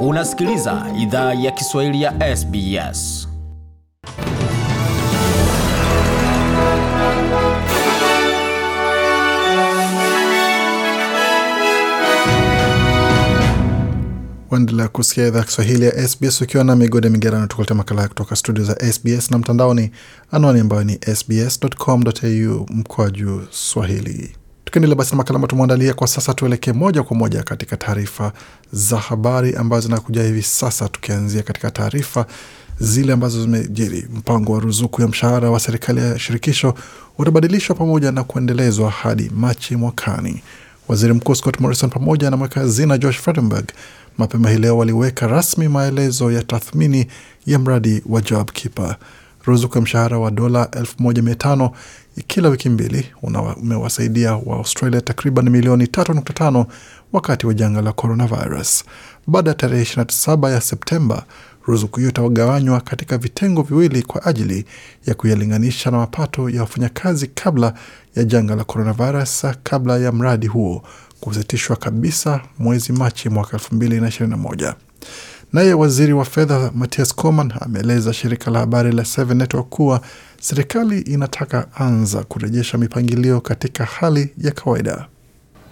Unasikiliza idhaa ya Kiswahili ya SBS. Waendelea kusikia idhaa ya Kiswahili ya SBS ukiwa na migode migerano, tukulete makala kutoka studio za SBS na mtandaoni, anwani ambayo ni sbs.com.au mkoa juu swahili Tukiendelea basi na makala tumeandalia kwa sasa, tuelekee moja kwa moja katika taarifa za habari ambazo zinakuja hivi sasa, tukianzia katika taarifa zile ambazo zimejiri. Mpango wa ruzuku ya mshahara wa serikali ya shirikisho utabadilishwa pamoja na kuendelezwa hadi Machi mwakani. Waziri Mkuu Scott Morrison pamoja na mweka hazina Josh Frydenberg mapema hii leo waliweka rasmi maelezo ya tathmini ya mradi wa JobKeeper. Ruzuku ya mshahara wa dola elfu moja mia tano kila wiki mbili umewasaidia australia takriban milioni 3.5 wakati wa janga la coronavirus. Baada ya tarehe 27 ya Septemba, ruzuku hiyo itagawanywa katika vitengo viwili kwa ajili ya kuyalinganisha na mapato ya wafanyakazi kabla ya janga la coronavirus, kabla ya mradi huo kusitishwa kabisa mwezi Machi mwaka 2021. Naye waziri wa fedha Mathias Coman ameeleza shirika la habari la Seven Network kuwa serikali inataka anza kurejesha mipangilio katika hali ya kawaida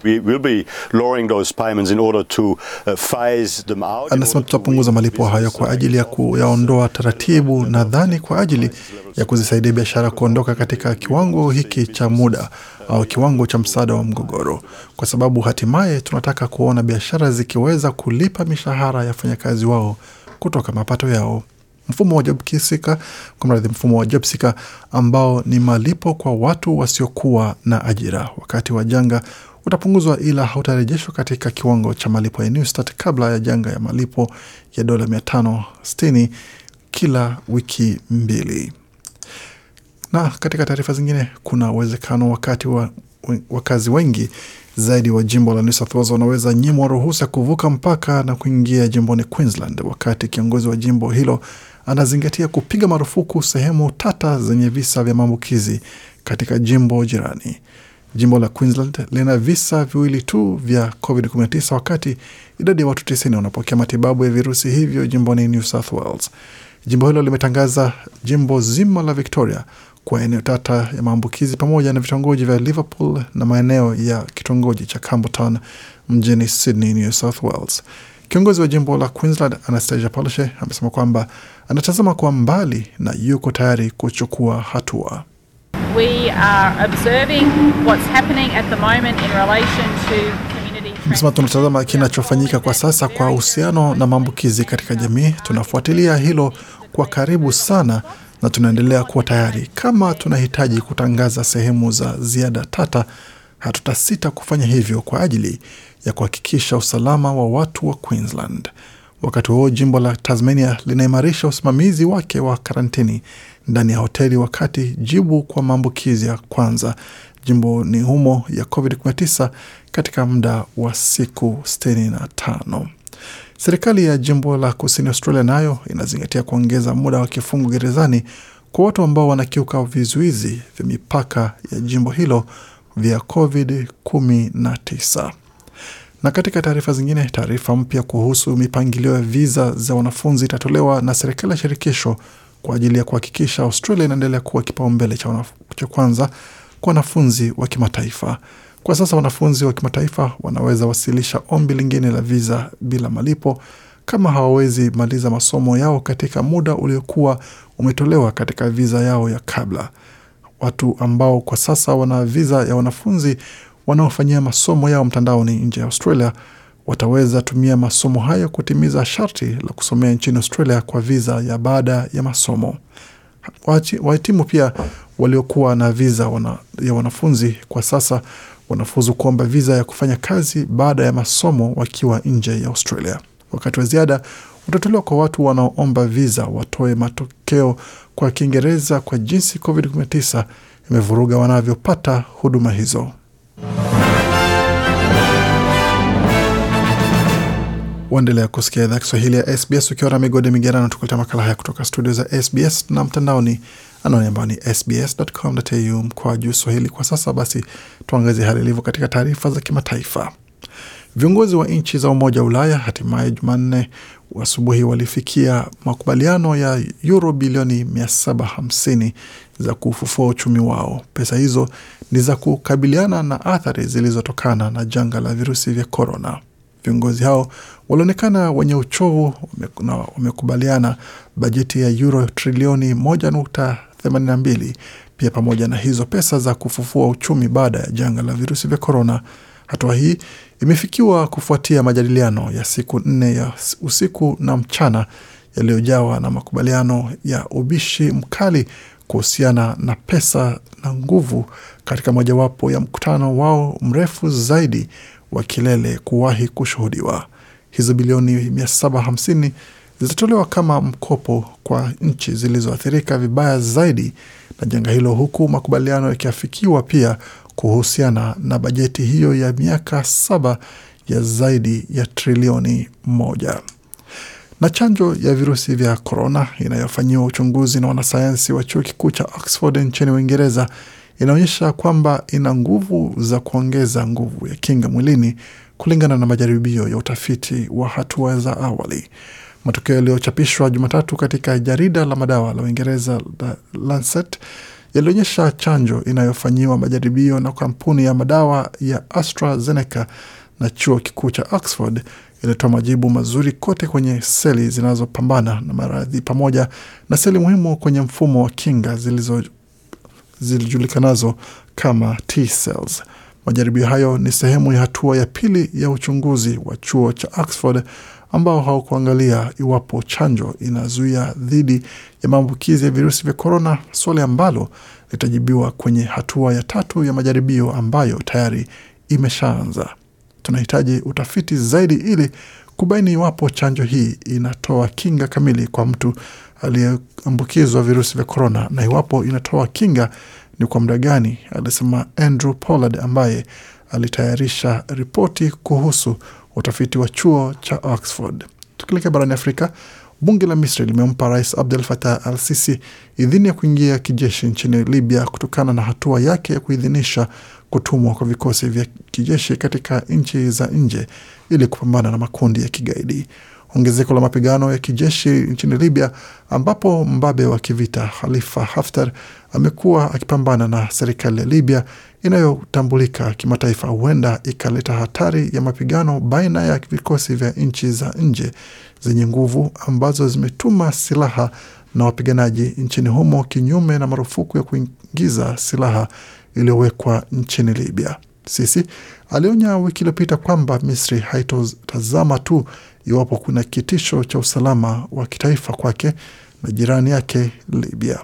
we will be lowering those payments in order to uh, phase them out. Anasema tutapunguza malipo hayo kwa ajili ya kuyaondoa taratibu, nadhani kwa ajili ya kuzisaidia biashara kuondoka katika kiwango hiki cha muda au kiwango cha msaada wa mgogoro, kwa sababu hatimaye tunataka kuona biashara zikiweza kulipa mishahara ya wafanyakazi wao kutoka mapato yao. Mfumo wa JobKeeper, kwa mradhi, mfumo wa JobSeeker ambao ni malipo kwa watu wasiokuwa na ajira wakati wa janga utapunguzwa ila hautarejeshwa katika kiwango cha malipo ya Newstart kabla ya janga ya malipo ya dola 560 kila wiki mbili. Na katika taarifa zingine, kuna uwezekano wakati wa wakazi wengi zaidi wa jimbo la New South Wales wanaweza nyimwa ruhusa kuvuka mpaka na kuingia jimboni Queensland, wakati kiongozi wa jimbo hilo anazingatia kupiga marufuku sehemu tata zenye visa vya maambukizi katika jimbo jirani. Jimbo la Queensland lina visa viwili tu vya COVID-19 wakati idadi ya watu 90 wanapokea matibabu ya virusi hivyo jimboni New South Wales. Jimbo hilo limetangaza jimbo zima la Victoria kwa eneo tata ya maambukizi pamoja na vitongoji vya Liverpool na maeneo ya kitongoji cha Campbelltown mjini Sydney, New South Wales. Kiongozi wa jimbo la Queensland Anastasia Palaszczuk amesema kwamba anatazama kwa mbali na yuko tayari kuchukua hatua. Msema, tunatazama kinachofanyika kwa sasa kwa uhusiano na maambukizi katika jamii. Tunafuatilia hilo kwa karibu sana na tunaendelea kuwa tayari. Kama tunahitaji kutangaza sehemu za ziada tata, hatutasita kufanya hivyo kwa ajili ya kuhakikisha usalama wa watu wa Queensland. Wakati huo jimbo la Tasmania linaimarisha usimamizi wake wa karantini ndani ya hoteli wakati jibu kwa maambukizi ya kwanza jimbo ni humo ya COVID-19 katika muda wa siku 65. Serikali ya jimbo la kusini Australia nayo inazingatia kuongeza muda wa kifungo gerezani kwa watu ambao wanakiuka vizuizi vya mipaka ya jimbo hilo vya COVID-19. Na katika taarifa zingine, taarifa mpya kuhusu mipangilio ya viza za wanafunzi itatolewa na serikali ya shirikisho kwa ajili ya kuhakikisha Australia inaendelea kuwa kipaumbele cha, cha kwanza kwa wanafunzi wa kimataifa. Kwa sasa wanafunzi wa kimataifa wanaweza wasilisha ombi lingine la viza bila malipo kama hawawezi maliza masomo yao katika muda uliokuwa umetolewa katika viza yao ya kabla. Watu ambao kwa sasa wana viza ya wanafunzi wanaofanyia masomo yao mtandaoni nje ya Australia wataweza tumia masomo hayo kutimiza sharti la kusomea nchini Australia kwa viza ya baada ya masomo. Wahitimu pia waliokuwa na viza wana, ya wanafunzi kwa sasa wanafuzu kuomba viza ya kufanya kazi baada ya masomo wakiwa nje ya Australia. Wakati wa ziada utatolewa kwa watu wanaoomba viza watoe matokeo kwa Kiingereza kwa jinsi COVID-19 imevuruga wanavyopata huduma hizo. Waendelea kusikia idhaa Kiswahili ya SBS ukiwa na migode migerano, tukuleta makala haya kutoka studio za SBS na mtandaoni, anwani ambayo ni sbs.com.au mkoa juu swahili. Kwa sasa basi, tuangazie hali ilivyo katika taarifa za kimataifa. Viongozi wa nchi za Umoja wa Ulaya hatimaye Jumanne asubuhi walifikia makubaliano ya yuro bilioni 750 za kufufua uchumi wao. Pesa hizo ni za kukabiliana na athari zilizotokana na janga la virusi vya korona. Viongozi hao walionekana wenye uchovu na wamekubaliana bajeti ya euro trilioni 1.82 pia pamoja na hizo pesa za kufufua uchumi baada ya janga la virusi vya korona. Hatua hii imefikiwa kufuatia majadiliano ya siku nne ya usiku na mchana yaliyojawa na makubaliano ya ubishi mkali kuhusiana na pesa na nguvu katika mojawapo ya mkutano wao mrefu zaidi wa kilele kuwahi kushuhudiwa. Hizo bilioni 750 zitatolewa kama mkopo kwa nchi zilizoathirika vibaya zaidi na janga hilo, huku makubaliano yakiafikiwa pia kuhusiana na bajeti hiyo ya miaka saba ya zaidi ya trilioni moja. Na chanjo ya virusi vya korona inayofanyiwa uchunguzi na wanasayansi wa chuo kikuu cha Oxford nchini Uingereza inaonyesha kwamba ina nguvu za kuongeza nguvu ya kinga mwilini kulingana na majaribio ya utafiti wa hatua za awali. Matokeo yaliyochapishwa Jumatatu katika jarida la madawa la Uingereza la Lancet yalionyesha chanjo inayofanyiwa majaribio na kampuni ya madawa ya AstraZeneca na chuo kikuu cha Oxford ilitoa majibu mazuri kote kwenye seli zinazopambana na maradhi pamoja na seli muhimu kwenye mfumo wa kinga zilizo zilijulikanazo kama T cells. Majaribio hayo ni sehemu ya hatua ya pili ya uchunguzi wa chuo cha Oxford ambao haukuangalia iwapo chanjo inazuia dhidi ya maambukizi ya virusi vya korona, swali ambalo litajibiwa kwenye hatua ya tatu ya majaribio ambayo tayari imeshaanza. Tunahitaji utafiti zaidi ili kubaini iwapo chanjo hii inatoa kinga kamili kwa mtu aliyeambukizwa virusi vya korona na iwapo inatoa kinga ni kwa muda gani, alisema Andrew Pollard ambaye alitayarisha ripoti kuhusu utafiti wa chuo cha Oxford. Tukilekea barani Afrika, bunge la Misri limempa Rais Abdel Fattah al Sisi idhini ya kuingia kijeshi nchini Libya kutokana na hatua yake ya kuidhinisha kutumwa kwa vikosi vya kijeshi katika nchi za nje ili kupambana na makundi ya kigaidi ongezeko la mapigano ya kijeshi nchini Libya, ambapo mbabe wa kivita Khalifa Haftar amekuwa akipambana na serikali ya Libya inayotambulika kimataifa, huenda ikaleta hatari ya mapigano baina ya vikosi vya nchi za nje zenye nguvu ambazo zimetuma silaha na wapiganaji nchini humo, kinyume na marufuku ya kuingiza silaha iliyowekwa nchini Libya. Sisi alionya wiki iliyopita kwamba Misri haitotazama tu iwapo kuna kitisho cha usalama wa kitaifa kwake na jirani yake Libya.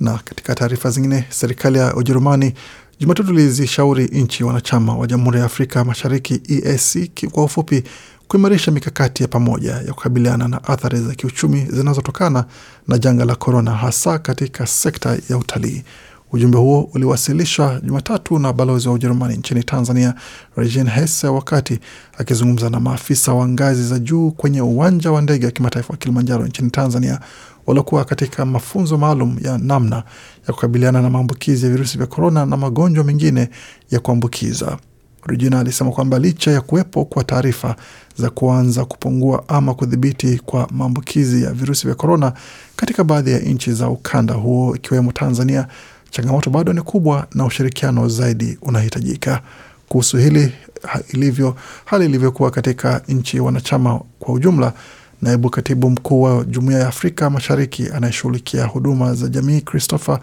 Na katika taarifa zingine, serikali ya Ujerumani Jumatatu ilizishauri nchi wanachama wa Jamhuri ya Afrika Mashariki EAC kwa ufupi kuimarisha mikakati ya pamoja ya kukabiliana na athari za kiuchumi zinazotokana na janga la korona, hasa katika sekta ya utalii. Ujumbe huo uliwasilishwa Jumatatu na balozi wa Ujerumani nchini Tanzania Regine Hesse wakati akizungumza na maafisa wa ngazi za juu kwenye uwanja wa ndege wa kimataifa wa Kilimanjaro nchini Tanzania waliokuwa katika mafunzo maalum ya namna ya kukabiliana na maambukizi ya virusi vya korona na magonjwa mengine ya kuambukiza. Regina alisema kwamba licha ya kuwepo kwa taarifa za kuanza kupungua ama kudhibiti kwa maambukizi ya virusi vya korona katika baadhi ya nchi za ukanda huo ikiwemo Tanzania, changamoto bado ni kubwa na ushirikiano zaidi unahitajika kuhusu hili ha, ilivyo hali ilivyokuwa katika nchi wanachama kwa ujumla. Naibu katibu mkuu wa jumuia ya Afrika Mashariki anayeshughulikia huduma za jamii Christopher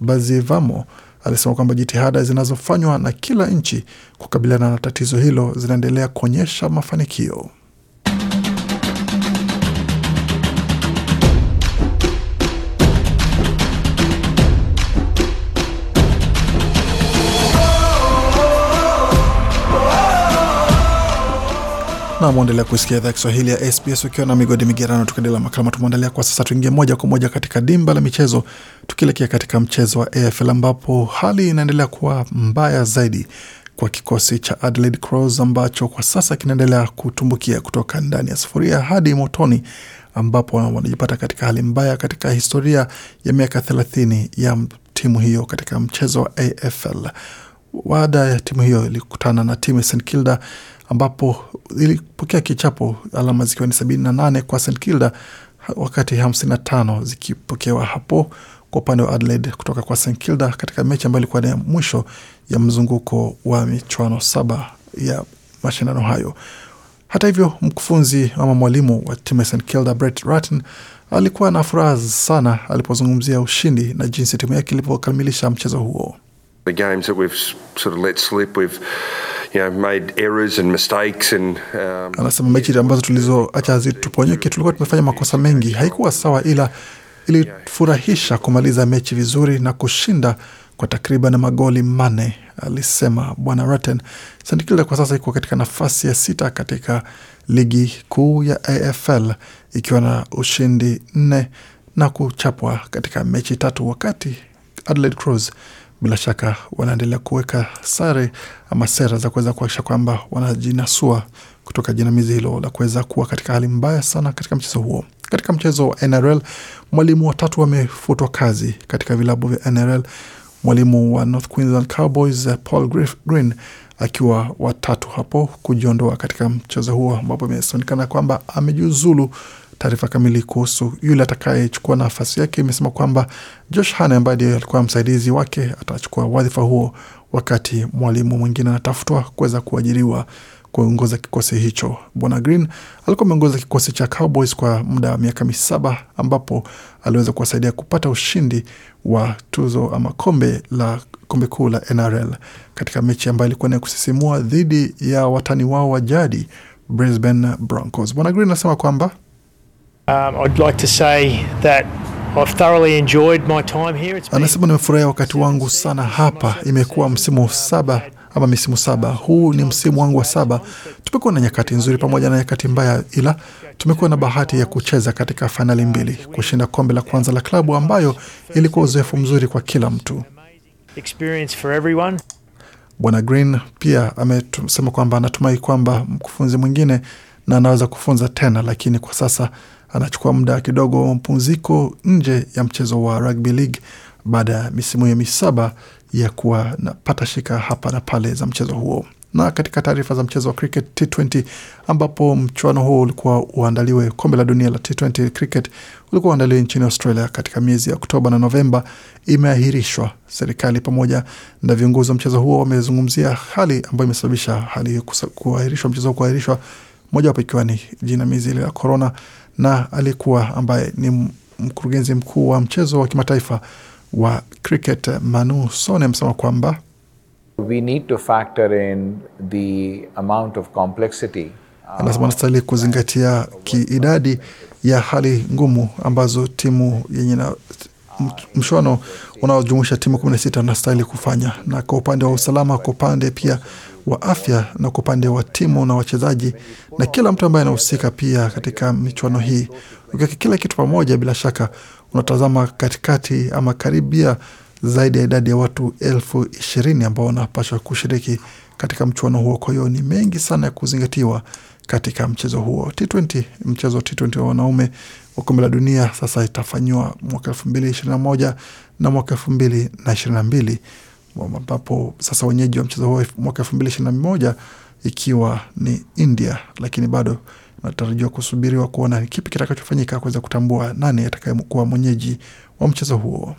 Bazivamo alisema kwamba jitihada zinazofanywa na kila nchi kukabiliana na tatizo hilo zinaendelea kuonyesha mafanikio. na mwendelea kusikia idhaa Kiswahili ya SBS ukiwa na migodi migerano, tukaendelea makala tumeandalia kwa sasa. Tuingie moja kwa moja katika dimba la michezo, tukielekea katika mchezo wa AFL ambapo hali inaendelea kuwa mbaya zaidi kwa kikosi cha Adelaide Crows ambacho kwa sasa kinaendelea kutumbukia kutoka ndani ya sufuria hadi motoni, ambapo wanajipata katika hali mbaya katika historia ya miaka thelathini ya timu hiyo katika mchezo wa AFL. Baada ya timu hiyo ilikutana na timu ya St Kilda ambapo ilipokea kichapo alama zikiwa ni 78 kwa St Kilda, wakati 55 zikipokewa hapo kwa upande wa Adelaide kutoka kwa St Kilda katika mechi ambayo ilikuwa ni mwisho ya mzunguko wa michuano saba ya mashindano hayo. Hata hivyo, mkufunzi ama mwalimu wa timu ya St Kilda Brett Ratten alikuwa na furaha sana alipozungumzia ushindi na jinsi timu yake ilipokamilisha mchezo huo. The games that we've sort of let slip, we've and um, anasema mechi ambazo tulizoacha zituponyeke tulikuwa tumefanya makosa mengi, haikuwa sawa, ila ilifurahisha kumaliza mechi vizuri na kushinda kwa takriban magoli manne, alisema Bwana Ratten. Sandikilda kwa sasa iko katika nafasi ya sita katika ligi kuu ya AFL ikiwa na ushindi nne na kuchapwa katika mechi tatu, wakati Adelaide Crows bila shaka wanaendelea kuweka sare ama sera za kuweza kuakisha kwamba wanajinasua kutoka jinamizi hilo la kuweza kuwa katika hali mbaya sana katika mchezo huo. Katika mchezo wa NRL mwalimu watatu wamefutwa kazi katika vilabu vya NRL, mwalimu wa North Queensland Cowboys Paul Griff Green akiwa watatu hapo kujiondoa katika mchezo huo, ambapo imesonekana kwamba amejiuzulu Taarifa kamili kuhusu yule atakayechukua nafasi yake imesema kwamba Josh Hane ambaye ndiye alikuwa msaidizi wake atachukua wadhifa huo, wakati mwalimu mwingine anatafutwa kuweza kuajiriwa kuongoza kikosi hicho. Bwana Green alikuwa ameongoza kikosi cha Cowboys kwa muda wa miaka misaba ambapo aliweza kuwasaidia kupata ushindi wa tuzo ama kombe la kombe kuu la NRL katika mechi ambayo ilikuwa ni kusisimua dhidi ya watani wao wa jadi Brisbane Broncos. Bwana Green anasema kwamba Um, I'd like to say that I've thoroughly enjoyed my time here. It's Anasema nimefurahia wakati wangu sana hapa, imekuwa msimu saba ama misimu saba. Huu ni msimu wangu wa saba. Tumekuwa na nyakati nzuri pamoja na nyakati mbaya, ila tumekuwa na bahati ya kucheza katika fainali mbili, kushinda kombe la kwanza la klabu, ambayo ilikuwa uzoefu mzuri kwa kila mtu. Bwana Green pia amesema kwamba anatumai kwamba mkufunzi mwingine na anaweza kufunza tena, lakini kwa sasa anachukua muda kidogo wa mapumziko nje ya mchezo wa rugby league baada ya misimu ya misaba ya kuwa napata shika hapa na pale za mchezo huo. Na katika taarifa za mchezo wa cricket T20, ambapo mchuano huo ulikuwa uandaliwe, kombe la dunia la T20 cricket ulikuwa uandaliwe nchini Australia katika miezi ya Oktoba na Novemba, imeahirishwa. Serikali pamoja na viongozi wa mchezo huo wamezungumzia hali ambayo imesababisha hali kuahirishwa mchezo kuahirishwa, mojawapo ikiwa ni jinamizi ile la corona na alikuwa ambaye ni mkurugenzi mkuu wa mchezo wa kimataifa wa cricket Manu Sone amesema kwamba uh, anasema anastahili kuzingatia kiidadi ya hali ngumu ambazo timu yenye na mchuano unaojumuisha timu 16 anastahili kufanya, na kwa upande wa usalama, kwa upande pia wa afya na kwa upande wa timu na wachezaji na kila mtu ambaye anahusika pia katika michuano hii. Ukiweka kila kitu pamoja, bila shaka unatazama katikati ama karibia zaidi ya idadi ya watu elfu ishirini ambao wanapaswa kushiriki katika mchuano huo. Kwa hiyo ni mengi sana ya kuzingatiwa katika mchezo huo T20. Mchezo wa T20 wa wanaume wa kombe la dunia sasa itafanyiwa mwaka elfu mbili ishirini na moja na mwaka elfu mbili na ishirini na mbili ambapo sasa wenyeji wa mchezo huo mwaka elfu mbili ishirini na moja ikiwa ni India, lakini bado inatarajiwa kusubiriwa kuona kipi kitakachofanyika kuweza kutambua nani atakayekuwa mwenyeji wa mchezo huo.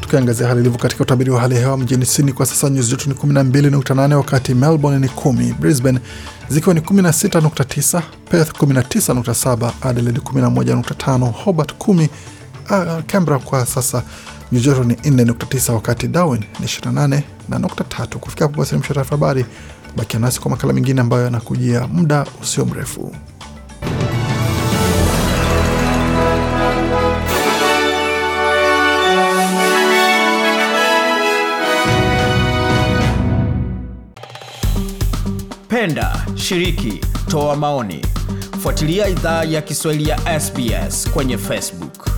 Tukiangazia hali ilivyo katika utabiri wa hali ya hewa mjini Sydney kwa sasa nyuzi joto ni 12.8, wakati Melbourne ni 10, Brisbane zikiwa ni 16.9, Perth 19.7, Adelaide 11.5, Hobart uh, Canberra kwa sasa nyujoro ni 4.9, wakati Darwin ni 28 na nukta tatu. Kufikia hapo basi, mshataarifa habari. Bakia nasi kwa makala mengine ambayo yanakujia muda usio mrefu. Penda, shiriki, toa maoni. Fuatilia idhaa ya Kiswahili ya SBS kwenye Facebook.